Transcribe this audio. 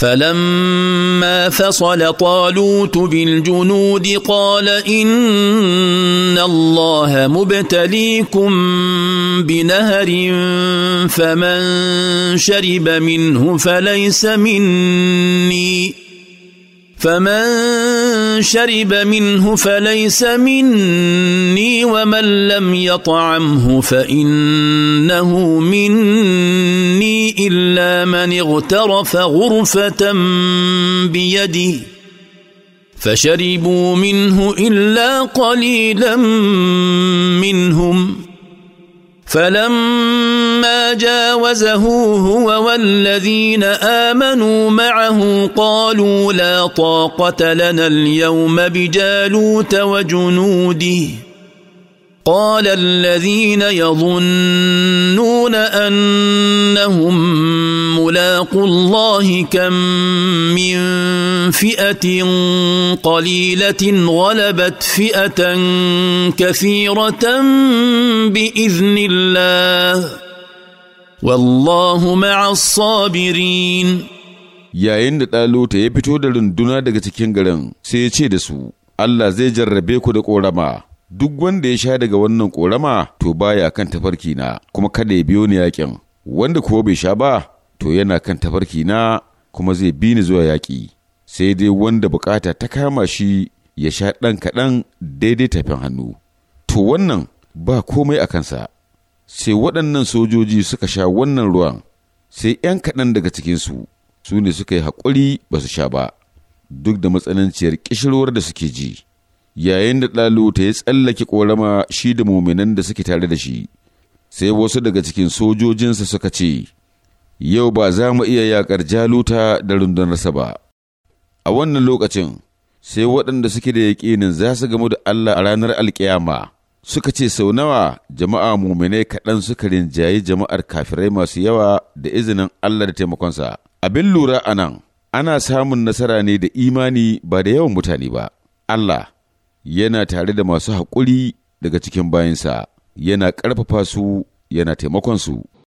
فلما فصل طالوت بالجنود قال ان الله مبتليكم بنهر فمن شرب منه فليس مني فمن شرب منه فليس مني ومن لم يطعمه فانه مني الا من اغترف غرفه بيده فشربوا منه الا قليلا منهم فلما جاوزه هو والذين امنوا معه قالوا لا طاقه لنا اليوم بجالوت وجنوده قال الذين يظنون انهم ملاقو الله كم من فئه قليله غلبت فئه كثيره باذن الله والله مع الصابرين yayin da ɗaluta ya fito da runduna daga cikin garin sai ya ce da su Allah zai jarrabe ku da ƙorama duk wanda ya sha daga wannan ƙorama to baya kan tafarki na kuma kada ya biyo ni yaƙin wanda kuwa bai sha ba to yana kan tafarki na kuma zai bi ni zuwa yaƙi sai dai wanda bukata ta kama shi ya sha ɗan kaɗan daidai tafin hannu to wannan ba komai a kansa sai waɗannan sojoji suka sha wannan ruwan sai ‘yan kaɗan daga cikinsu su ne suka yi haƙuri ba su sha ba duk da matsananciyar ƙishirwar da suke ji. yayin da ɗaluta ya tsallake ƙorama shi da muminan da suke tare da shi sai wasu daga cikin sojojinsa suka ce yau ba za mu iya yaƙar jaluta da rundunarsa ba a wannan lokacin sai waɗanda suke da yaƙinin za su gamu da Allah a ranar alƙiyama suka ce sau nawa jama'a muminai kaɗan suka rinjayi jama'ar kafirai masu yawa da izinin Allah da taimakonsa abin lura a nan ana samun nasara ne da imani ba da yawan mutane ba Allah yana tare da masu haƙuri daga cikin bayansa, yana ƙarfafa su yana taimakon su.